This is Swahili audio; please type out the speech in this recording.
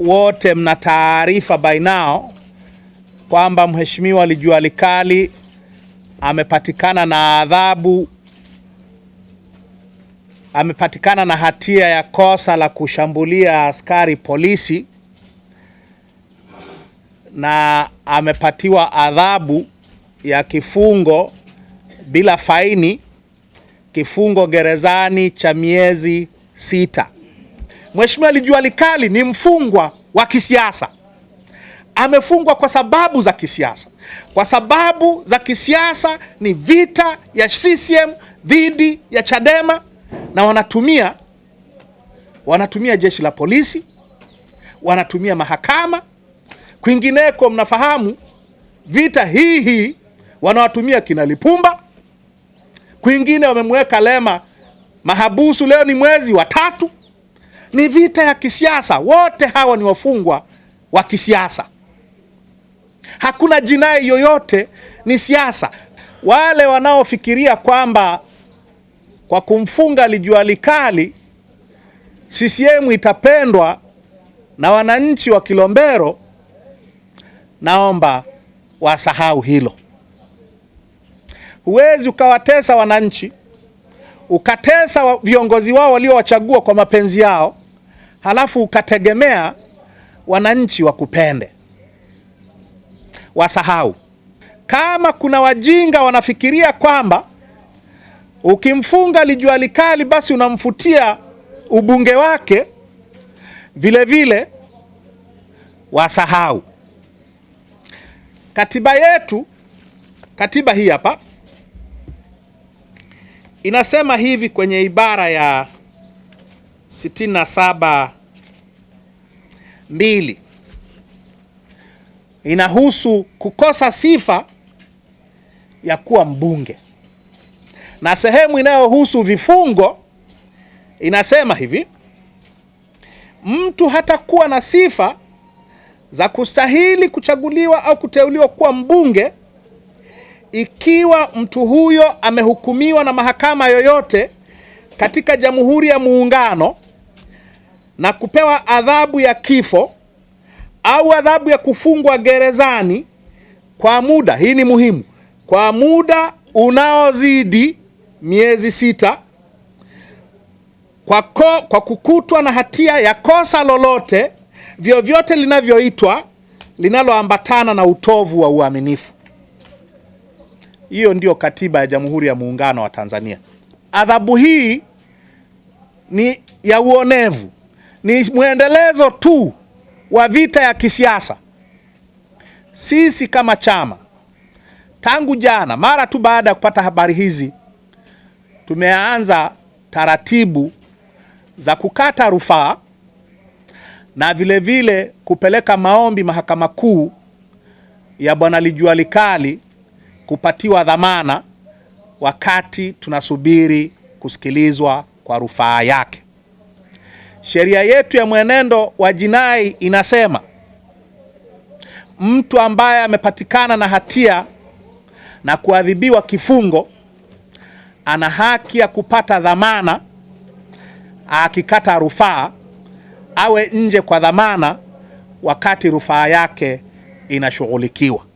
wote mna taarifa by now kwamba mheshimiwa Lijuali Likali amepatikana na adhabu, amepatikana na hatia ya kosa la kushambulia askari polisi na amepatiwa adhabu ya kifungo bila faini, kifungo gerezani cha miezi sita. Mheshimiwa Lijuali Kali ni mfungwa wa kisiasa, amefungwa kwa sababu za kisiasa. Kwa sababu za kisiasa ni vita ya CCM dhidi ya Chadema, na wanatumia wanatumia jeshi la polisi, wanatumia mahakama. Kwingineko mnafahamu vita hii hii wanawatumia kina Lipumba, kwingine wamemweka Lema mahabusu, leo ni mwezi wa tatu ni vita ya kisiasa. Wote hawa ni wafungwa wa kisiasa. Hakuna jinai yoyote, ni siasa. Wale wanaofikiria kwamba kwa kumfunga lijuali kali CCM itapendwa na wananchi wa Kilombero, naomba wasahau hilo. Huwezi ukawatesa wananchi ukatesa viongozi wao waliowachagua kwa mapenzi yao, halafu ukategemea wananchi wakupende, wasahau. Kama kuna wajinga wanafikiria kwamba ukimfunga lijualikali basi unamfutia ubunge wake vilevile vile, wasahau katiba yetu. Katiba hii hapa inasema hivi kwenye ibara ya sitini mbili inahusu kukosa sifa ya kuwa mbunge, na sehemu inayohusu vifungo inasema hivi: mtu hatakuwa na sifa za kustahili kuchaguliwa au kuteuliwa kuwa mbunge ikiwa mtu huyo amehukumiwa na mahakama yoyote katika Jamhuri ya Muungano na kupewa adhabu ya kifo au adhabu ya kufungwa gerezani kwa muda, hii ni muhimu, kwa muda unaozidi miezi sita kwa, ko, kwa kukutwa na hatia ya kosa lolote vyovyote linavyoitwa linaloambatana na utovu wa uaminifu. Hiyo ndiyo katiba ya Jamhuri ya Muungano wa Tanzania. Adhabu hii ni ya uonevu, ni mwendelezo tu wa vita ya kisiasa. Sisi kama chama tangu jana, mara tu baada ya kupata habari hizi, tumeanza taratibu za kukata rufaa na vilevile vile kupeleka maombi Mahakama Kuu ya Bwana Lijua Likali kupatiwa dhamana wakati tunasubiri kusikilizwa kwa rufaa yake. Sheria yetu ya mwenendo wa jinai inasema mtu ambaye amepatikana na hatia na kuadhibiwa kifungo ana haki ya kupata dhamana, akikata rufaa awe nje kwa dhamana wakati rufaa yake inashughulikiwa.